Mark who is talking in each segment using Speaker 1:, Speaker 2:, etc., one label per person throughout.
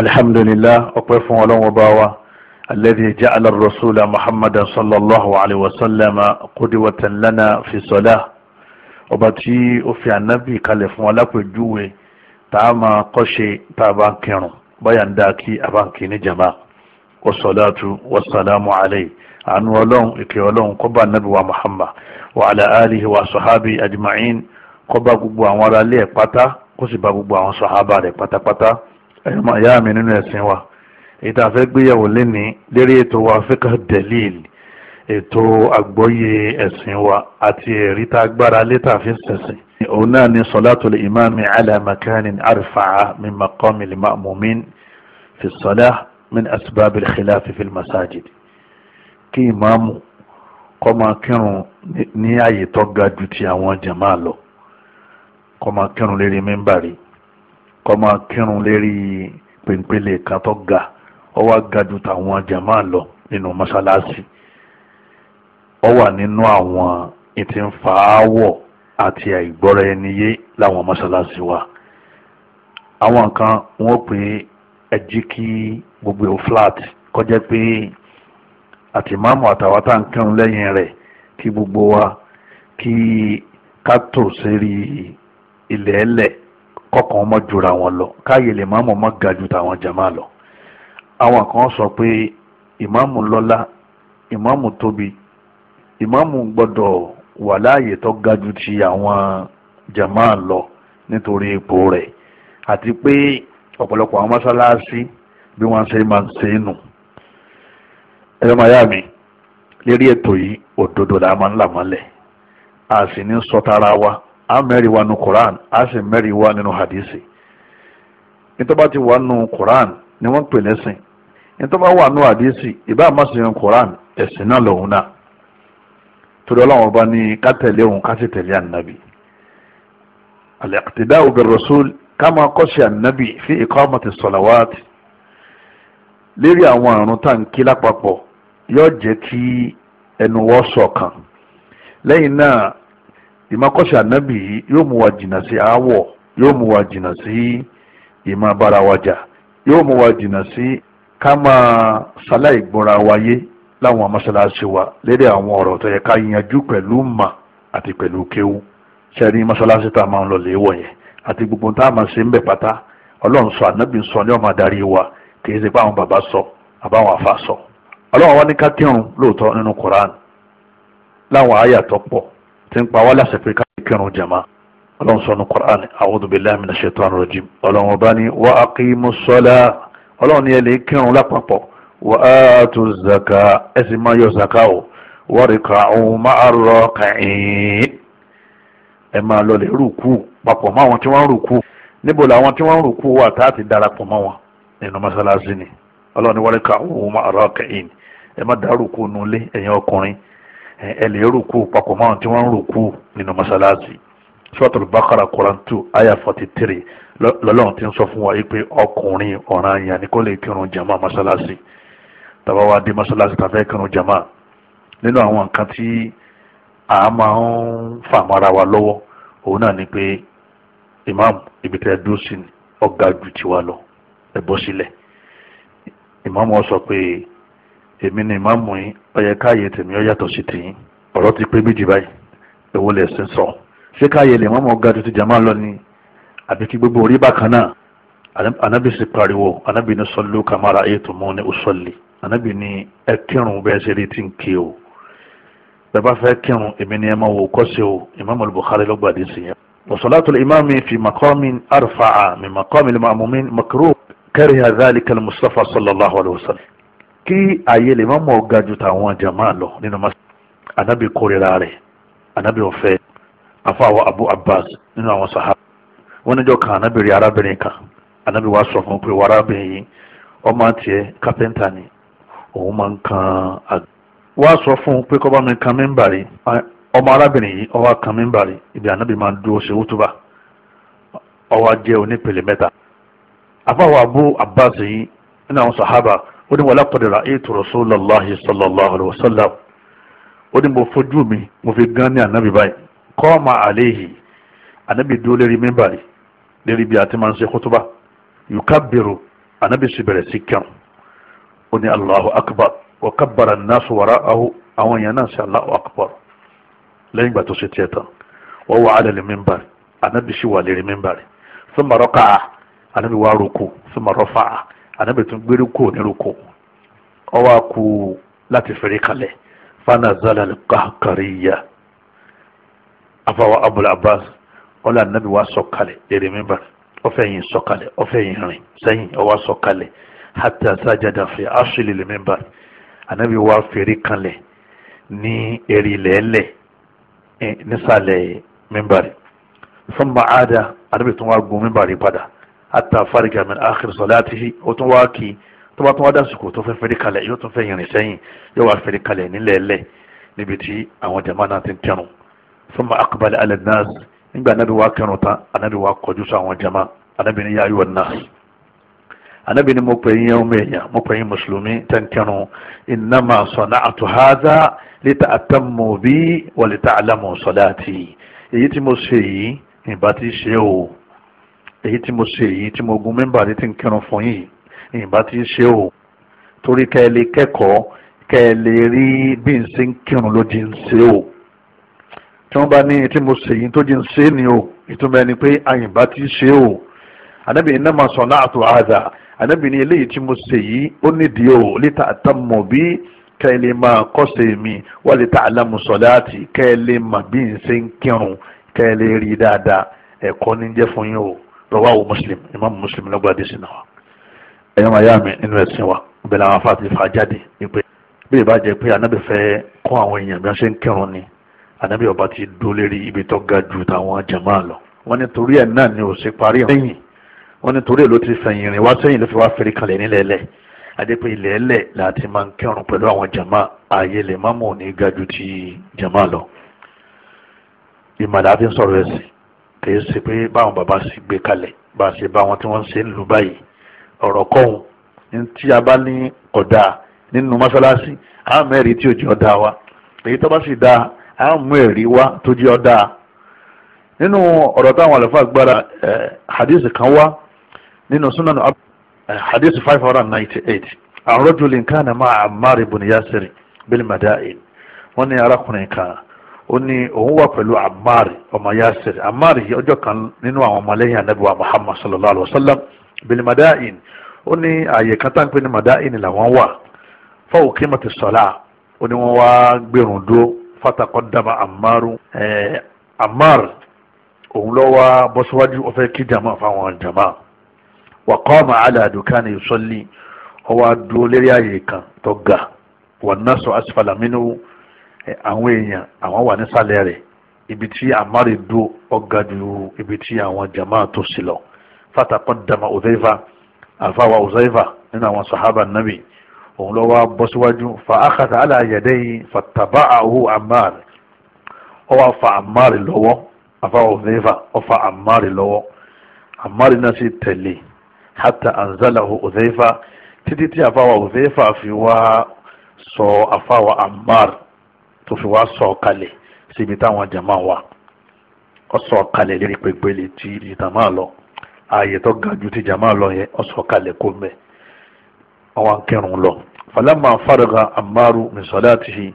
Speaker 1: alhamdulillah ọpẹ́ fún Ọlọ́run ọba wa alladhi ja'ala ar-rasula muhammadan sallallahu alayhi wa sallam qudwatan lana fi salah ọba tí ó fi ànábì kalẹ̀ fún alápèjúwe tá a máa kọ́ṣe tá a bá ń kírun báyà ń dá kí a bá ń kí ní jama wasalaatu wasalaamu alayhi àánú Ọlọ́run ìkẹ́ Ọlọ́run kó bá wa muhammad wa ala alihi wa sahabi ajma'in kó gbogbo àwọn ará ilé pátá kó sì bá gbogbo àwọn sahaba rẹ̀ pátápátá ẹ̀yọ́ máa yá mi nínú ẹ̀sìn wa èyí tá a fẹ́ gbéyàwó lénìí lérí ètò wa fíkà dẹ̀líl ètò àgbọ́yé ẹ̀sìn wa àti ẹ̀rí tá a gbára létà fi sẹ̀sìn. òun náà ni sọlátù lè imáàmì ala makanin arfa'a min maqami lè ma'mumin fi salah min asbab al-khilafi fi masajid kí ìmáàmù kọ́ máa kírun ní àyè tó ga ju ti àwọn jàmáà lọ kọ́ máa kírun lérí mímbàrí kọ́ máa kírun lérí pèpèlè kan tó ga ọ wá ga ju tàwọn jàmáà lọ nínú mọ́ṣáláṣí ọ wà nínú àwọn ìtì ń fa áwọ̀ àti àìgbọ́ra ẹni yé láwọn mọ́ṣáláṣí wa àwọn kan wọ́n pè é jí kí gbogbo ẹ̀ flat kọjá pé àtìmáàmù àtàwọn tá à kírun lẹ́yìn rẹ̀ kí gbogbo wa kí ká tò ilẹ̀ ẹlẹ̀ kọkàn ọmọ jura wọn lọ káyè lè máàmù ọmọ ga ju tàwọn jama lọ àwọn kan sọ pé ìmáàmù lọ́lá ìmáàmù tóbi ìmáàmù gbọ́dọ̀ wà láàyè tó ga ju ti àwọn jama lọ nítorí ipò rẹ̀ àti pé ọ̀pọ̀lọpọ̀ àwọn mọ́sálásí bí wọ́n ṣe máa ń ṣe é nù ẹ̀rọ màyà mi lérí ètò yìí òdodo làá máa ń là mọ́lẹ̀ a sì ní sọ tara wa a mẹ́rin wa nu Quran a sì mẹ́rin wa nínú hadisi nítorí ti wà nu Quran ni wọ́n pè lẹ́sìn nítorí wà nu hadisi ìbá àmásìyàn Quran ẹ̀sìn náà lòun náà torí ọlọ́run ọba ní ká tẹ̀lé òun ká sì tẹ̀lé ànábì al-iqtida'u bir-rasul ká máa kọ́ṣe ànábì fi iqamati salawat lérí àwọn àrùn tá à ń kí lápapọ̀ yóò jẹ́ kí ẹnu wọ́n ṣọ̀kan lẹ́yìn náà ìmọ̀kọ́sí ànábì yìí yóò mú wa jìnnà sí aáwọ̀ yóò mú wa jìnnà sí ìmọ̀-abárawájà yóò mú wa jìnnà sí ká máa ṣaláì gbọ́ra wáyé láwọn mọ́ṣáláṣí wa lédè àwọn ọ̀rọ̀ tó yẹ ká yanjú pẹ̀lú mà àti pẹ̀lú kéwú sẹ́ni mọ́ṣáláṣí tá a máa ń lọ léèwọ̀ yẹn àti gbogbo tá a máa ṣe ń bẹ̀ pátá ọlọ́run sọ ànábì sọ ni ọmọ adarí wa kì ṣe pé àwọn bàbá sọ àbáwọn àfa sọ ọlọ́run wa ní ká kírun lóòótọ́ nínú Koran láwọn àyà tó pọ̀ tí ń pa wá láṣẹ pé ká kírun jama ọlọ́run sọ ní Qur'an a'udhu billahi minash shaitanir rajim ọlọ́run ọba ní wa aqimus salah ọlọ́run ní ẹ lè kírun lápapọ̀ wa atu zaka ẹ sì máa yọ zaka o warika'u ma'ar raki'in ẹ máa lọ lè rúkú papọ̀ mọ́ àwọn tí wọ́n ń níbo làwọn tí wọ́n ń rúkú wà tá ti darapọ̀ mọ́ wọn nínú mọ́sálásí ni ọlọ́run ní warika'u ma'ar raki'in ẹ má dá rúkú nulẹ̀ ẹ̀yin ọkùnrin ẹ lè rúkú papọ̀ mọ́ àwọn tí wọ́n ń nínú mọ́sálásí suratul bakara quran aya forty three lọ́lọ́run ti ń sọ fún wa yìí pé ọkùnrin ọ̀ràn yẹn ni kò lè kírun jama mọ́sálásí tàbá wa dé mọ́sálásí tàbá kírun jama nínú àwọn nǹkan tí a máa ń fà mọ́ra wa lọ́wọ́ òun náà ni pé imam ibi tẹ́ dúró sí ọ̀gá ju tiwa lọ ẹ bọ́ sílẹ̀ imam wa sọ pé èmi ni ìmáàmù yín ọyẹ káàyè tèmi ó yàtọ̀ sí tìyín ọ̀rọ̀ ti pé méjì báyìí èwo lè sin sọ ṣé káàyè lè mọ́mọ́ ga tuntun jàmáà lọ ni àbí kí gbogbo orí bákan náà anabi sì pariwo anabi ní sọlú kamara ètò mọ́ ní usọ́lì anabi ní ẹ kírun bẹ́ẹ̀ ṣe rí ti ń ké o bẹ́ẹ̀ bá fẹ́ kírun èmi ni ẹ máa wò kọ́sẹ̀ o imaamu al-Bukhari ló gbàdé sí yẹn. وصلاة الإمام في مقام أرفع من مقام المأمومين مكروه كره ذلك المصطفى صلى الله عليه وسلم kí àyè lè má mọ̀ ga ju tàwọn jàmá lọ nínú masjid anabi kórira rẹ̀ anabi ọ̀fẹ́ afáwọ̀ abu abbas nínú àwọn sahaba wọn níjọ́ kan anabi rí arábìnrin kan anabi wàá sọ fún pé wàá arábìnrin yìí ọmọ tiẹ̀ kápẹ́ńtà ni òun máa ń kan àgbẹ̀ wàá sọ fún un pé kọ́ bá mi kan mímbàrí ọmọ arábìnrin yìí ọwọ́ kan mímbàrí ibi anabi máa ń dúró ṣe wútúbà ọwọ́ jẹ́ onípele mẹ́ta afáwọ̀ abu abbas yìí nínú àwọn sahaba ó ní walaqad ra'aytu rasulallahi sallallahu alayhi wa sallam ó ní mo fojú mi mo fi gán ní ànábì báyìí qama alayhi ànábì dúró lérí mímbàrí lérí bí a ti máa ń ṣe kútúbà yukabbiru ànábì sì bẹ̀rẹ̀ sí kẹrùn ó ní allahu akbar wa kabbara an-nasu wara'ahu àwọn èèyàn náà ṣe allahu akbar lẹ́yìn ìgbà tó ṣe tiẹ̀ tán wọ́n wà alẹ́ lè mímbàrí ànábì sì wà lérí mímbàrí thumma raka'a ànábì wà rúkú thumma rafa'a ànábì tún gbérí kò nírúkọ ọwọ́ kú láti fèrè kalẹ̀ fana zala kahkariya afawa abul abbas ọlọ ànábì wa sọ̀kalẹ̀ lèrè mímbà ọfẹ yìí sọ̀kalẹ̀ ọfẹ yìí rìn sẹ́yìn ọwọ́ sọ̀kalẹ̀ hata sajada fi asili lè mímbà ànábì wa fèrè kalẹ̀ ní eri lẹ́lẹ̀ eh, nísàlẹ̀ mímbà rẹ̀ fún maada ànábì tún wá gun mímbà rẹ̀ padà hatta fariga min akhir salatihi ó tún wá kí tó bá tún wá dásìkò tó fẹ́ fẹ́rí kalẹ̀ yóò tún fẹ́ yìnrìn sẹ́yìn yóò wá fẹ́rí kalẹ̀ nílẹ̀ẹ́lẹ̀ níbi tí àwọn jama náà ti ń kẹrun thumma aqbala ala nas nígbà anábì wá kẹrun tán anábì wá kọjú sọ àwọn jama anábì ní yá ayuwa nas anábì ní mo pè yín ọmọ èèyàn mo pè yín mùsùlùmí tẹ́ ń kẹrun innama sana'atu hadha lita'tammu bi wa lita'lamu salati èyí tí mo ṣe yìí ìbá ti ṣe o èyí tí mo ṣe èyí tí mo gun mẹ́mbà rí ti ń kírun fún yìí ìyìnbá ti ń ṣe o torí kẹ́ ẹ lè kẹ́kọ̀ọ́ kẹ́ ẹ lè rí bí n ṣe ń kírun ló di ń ṣe o tí wọ́n bá ní tí mo ṣe èyí tó di ń ṣe ni o ìtumọ̀ ẹni pé àyìnbá ti ń ṣe o ànábì iná máa sọ̀nà àtò àdà ànábì ní eléyìí tí mo ṣe yìí ó nídìí o lítà àtàmọ̀ bí kẹ́ ẹ lè máa kọ́sẹ̀ mi wà lítà àlámùsọ̀lá àti kẹ́ ẹ lè mà bí n ṣe ń kírun kẹ́ ẹ lè rí dáadáa ẹ̀kọ́ ní jẹ́ fún yín o rọwáwò muslim imam muslim ló gbàdé sí náà ẹ̀yọ́ máa yá mi nínú ẹ̀sìn wa bẹ̀rẹ̀ àwọn afáàtì fà jáde pé bí ìbá jẹ́ pé anábì fẹ́ kọ́ àwọn èèyàn bí wọ́n ṣe ń kírun ni anábì ọba ti dó lérí ibi tó ga ju tàwọn jàmáà lọ wọ́n ní torí ẹ̀ náà ni ò sí parí ẹ̀yìn wọ́n ní torí ẹ̀ ló ti fẹ̀yìn rìn wá sẹ́yìn ló fi wá fèrè kalẹ̀ nílẹ̀ẹ́lẹ̀ adépé ilẹ̀ẹ́lẹ̀ láti máa ń kírun pẹ̀lú àwọn kìí ṣe pé báwọn bàbá sì gbé kalẹ̀ bá a ṣe bá wọn tí wọ́n ṣe ń lù báyìí ọ̀rọ̀ kọ́hún tí a bá ní ọ̀dà nínú mọ́ṣáláṣí a mú ẹ̀rí tí ò jẹ́ ọ̀dà wa èyí tó bá sì dáa a mú ẹ̀rí wa tó jẹ́ ọ̀dà nínú ọ̀rọ̀ táwọn àlùfáà gbára hadith kan wá nínú sunan hadith five hundred ninety eight àrùn rọ́jòlì nǹkan àná máa Ammar ibn Yasir bil Madain wọ́n ní arákùnrin kan ó ní òun wà pẹ̀lú amari ọmọ yasir amari ọjọ́ kan nínú àwọn ọmọlẹ́yìn anabi wa muhammad sallallahu alayhi wa sallam bili madain ó ní ààyè kan tá n pè ní madain làwọn wà fáwọn kímọ̀tì sọ̀lá ó ní wọ́n wá gbẹ̀rún dúró fatakọ́ dama amaru ẹ̀ amari òun lọ wá bọ́síwájú ọ̀fẹ́ kí jama fáwọn jama wà qama ala dukani yusalli ọwọ́ adúró lérí ààyè kan tó ga wà nasu asfala àwọn èèyàn àwọn wà nísàlẹ̀ rẹ̀ ibi tí àmárè dúró ọ̀gá ju ibi tí àwọn jama tó sí lọ fatakọ́ dama ọ̀zẹ́fà àfàwà ọ̀zẹ́fà nínú àwọn sahaba nabi òun lọ́wọ́ bọ́ síwájú fa akata alayẹ̀dẹ́ yìí fatabá àhú àmárè ọwọ́ fa àmárè lọ́wọ́ àfàwà ọ̀zẹ́fà ọfà àmárè lọ́wọ́ àmárè náà sì tẹ̀lé hata anzalahu ọ̀zẹ́fà títí tí àfàwà ọ̀zẹ́fà fi wá sọ àfàwà àmárè tó fi wá sọ kalẹ̀ síbi táwọn jama wà ó sọ kalẹ̀ lérí pẹ̀gbẹ́lẹ̀ tí ìjàmá lọ ààyè tó ga ju ti jama lọ yẹn ó sọ kalẹ̀ kó mẹ́ ọwọ́n kẹrùn lọ. falama faraga amaru min salatihi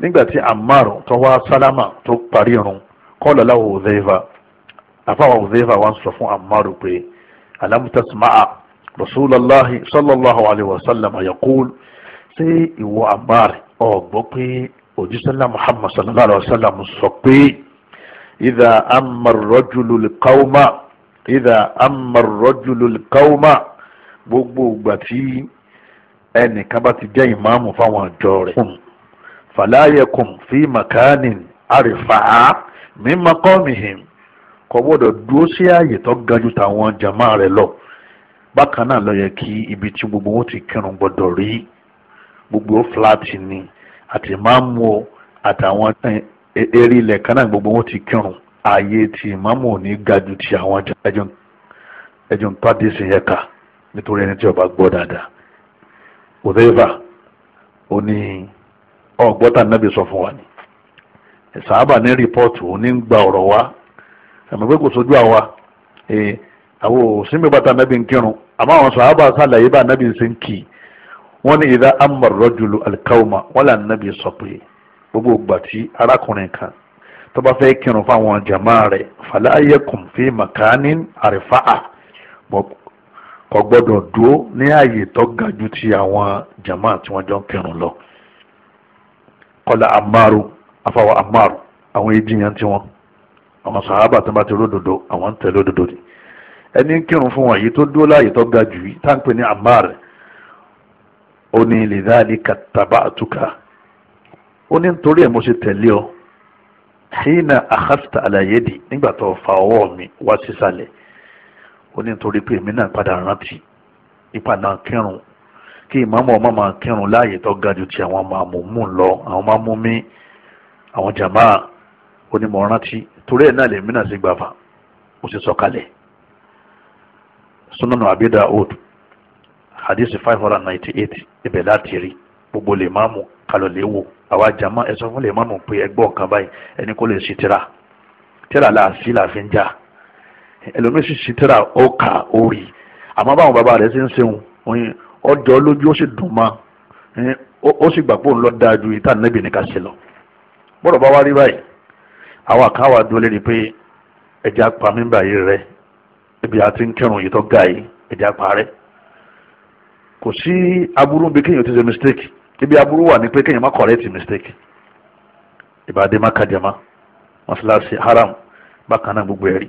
Speaker 1: nígbà tí amaru tó wá sálámà tó parí irun kọ́lọ̀ láwọ̀ òzèèfà àfàwọ̀ òzèèfà wá ń sọ fún amaru pé alámùtàsímáà rasulallah sallallahu alayhi wa sallam yaqul ṣé ìwọ amaru ó pé òjísọ́lá muhammad sallallahu alayhi wa sallam sọ pé ìdá amarọ́júlù kàwọ́mà ìdá amarọ́júlù kàwọ́mà gbogbo ìgbà tí ẹnìkan bá ti jẹ́ ìmáàmù fáwọn àjọ rẹ̀ fàlàyẹkùn fi màkánì àrífàá mímọ kọ́mìhìn kò gbọ́dọ̀ dúró sí ààyè tó ga tàwọn jàmá rẹ̀ lọ bákan náà ló yẹ kí ibi tí gbogbo wọn ti kírun gbọ́dọ̀ rí gbogbo fúláàtì ni àti ìmáàmù o àtàwọn eré ilẹ̀ kan náà gbogbo wọn ti kírun ààyè tí ìmáàmù ò ní ga ju ti àwọn ẹjọ́ ń pàdé sí yẹn ká nítorí ẹni tí ó bá gbọ́ dáadáa òdeva ó ní ọgbọ́tà nábì sọ fún wa ni sàábà ní rìpọ́ọ̀tù ó ní gba ọ̀rọ̀ wa àmọ́ pé kò sójú àwa àwọn òsínbẹ̀bàtà nábì ń kírun àmọ́ àwọn sàábà sàlàyé bá nábì ń ṣe ń kì í wọ́n ní ìdá amar rọ́jùlù alikauma wọ́n là nàbí sọ pé gbogbo ìgbà tí arákùnrin kan tó bá fẹ́ kírun fáwọn jàmá rẹ̀ fàlẹ́ ayẹ́kùn fi màkání àrífàá kò gbọ́dọ̀ dúró ní ààyè tó ga ju ti àwọn jàmá tí wọ́n jọ ń kírun lọ. kọ́lá amaru afáwọ̀ amaru àwọn ejiyan tí wọ́n àwọn sàhábà tó bá ti ródòdó àwọn ń tẹ̀lé òdòdó ni ẹni kírun fún wọn yìí tó dúró láàyè tó ga jù yìí táǹpẹ̀ ní amaru ó ní lidhalika taba'tuka ó ní nítorí ẹ̀ mo ṣe tẹ̀lé ọ hina akhasta ala yadi nígbà tó fa ọwọ́ mi wá sísàlẹ̀ ó ní nítorí pé èmi náà padà rántí ipa náà kírun kí ìmáàmù ọmọ máa kírun láàyè tó ga jù ti àwọn máa mú mú lọ àwọn máa mú mí àwọn jàmá onímọ̀ rántí torí ẹ̀ náà lèmi náà sì gbàfà ó sì sọ kalẹ̀ Sunan Abi hadisi five hundred ninety eight ibẹ̀ láti rí gbogbo lè má mú kalọ̀ lè wò àwa jàmọ́ ẹ sọ fún lè má mú pé ẹ gbọ́ nǹkan báyìí ẹni kò lè ṣe tíra tíra láàfin láàfin já ẹlòmíì sì ṣe tíra ó kà ó rí àmọ́ báwọn bàbá rẹ̀ ṣe ń ṣeun ọjọ́ lójú ó sì dùn mọ́ ó sì gbà pé òun lọ dáa ju ìta nẹ́bì ní ṣe lọ bọ́dọ̀ bá wá rí báyìí àwọn àkáwà dúró lérí pé ẹja pa mímbà yìí rẹ ibi àti ń kírun yìí tó ga yìí ẹja pa rẹ kò sí aburú bí kéèyàn ti ṣe mistake ibi aburú wà ní pé kéèyàn má correct mistake ìbàdí má kàjàmá mọ́ṣáláṣí haram bákan náà gbogbo ẹ̀rí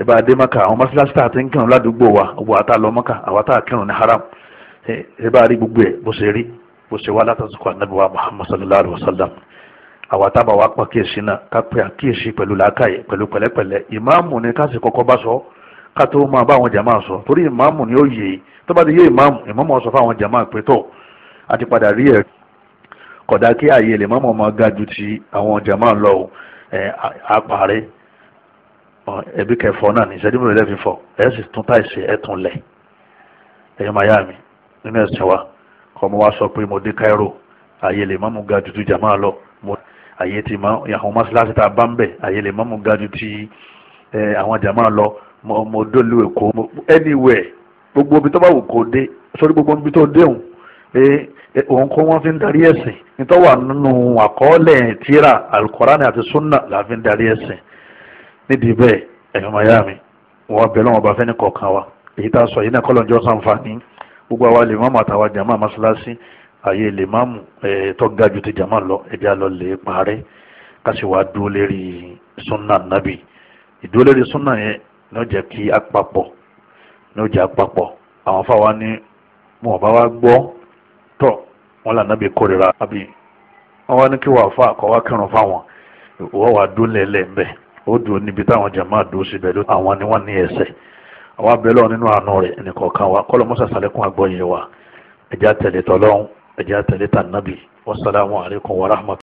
Speaker 1: ìbàdí maka àwọn mọ́ṣáláṣí tá a ti ń kírun ládùúgbò wa gbogbo àtà lọ maka àwa tá a kírun ní haram ìbàdí gbogbo ẹ̀ bó ṣe rí bó ṣe wá látàzùkọ ànábì wa muhammad sallallahu alayhi wa sallam àwa tábà wa pa kíyèsí náà ká pé àkíyèsí pẹ̀lú làákàyè pẹ̀lú pẹ̀lẹ́pẹ̀lẹ́ ìmáàmù ni ká sì kọ́kọ́ bá sọ ọ́ ká tó máa bá àwọn jàmáà sọ torí ìmáàmù ni ó yè é tó bá ti yé ìmáàmù ìmáàmù ó sọ fún àwọn jàmáà pé tó àti padà rí ẹ̀ kódà kí ààyè lè mọ́mọ́ máa ga ju ti àwọn jàmáà lọ o ẹ̀ apàrẹ ẹbí kẹfọ náà ní ìṣẹ́jú mẹ́rin lẹ́fìn fọ ẹ̀ sì tún táìsì ẹ̀ tún lẹ̀ ẹ̀yọ́ máa yá mi nínú ẹ̀sìn wa kọ́ mo wá sọ pé mo dé Cairo ààyè lè mọ́mọ́ ga ju ti jàmáà lọ ààyè ti àwọn mọ́sálásí tá a bá ń bẹ̀ ààyè ọmọ odó lu èkó anywhere gbogbo ibi tó bá wù kó dé sórí gbogbo ibi tó déhùn òun kó wọ́n fi ń darí ẹ̀sìn nítorí wà nínú àkọọ́lẹ̀ tíra alukorani àti sunna la fi ń darí ẹ̀sìn nídìí bẹ́ẹ̀ ẹ̀yọ́ maya mi wọ́n bẹ̀rẹ̀ wọn bá fẹ́ ní kọ̀ọ̀kan wa èyí tá a sọ yìí náà kọ́lọ́njọ́ sàǹfààní gbogbo àwa lè mọ́mọ́ àtàwọn jàmá masalasi àyè lè máàmù tó ga ju ti jàmá lọ ẹ̀jẹ̀ àlọ́ lè parẹ́ kásìwá dúró lérí sunna nabi ìdúró lérí sunna yẹn ní ó jẹ́ kí apapọ̀ ní ó jẹ́ apapọ̀ àwọn fáwa ní wọn bá wọn là nábì kórira àbí wọn wá ní kí wàá fa àkọ́wá kírun fáwọn ìwọ́ wàá dún ó dùn níbi táwọn dùn ló àwọn ni wọ́n ní ẹsẹ̀ àwọn abẹ́lẹ́ nínú àánú rẹ̀ ẹnìkọ̀ọ̀kan wa kọ́lọ́ mọ́sà sálẹ́kùn àgbọ̀yé wa wasalaamu wa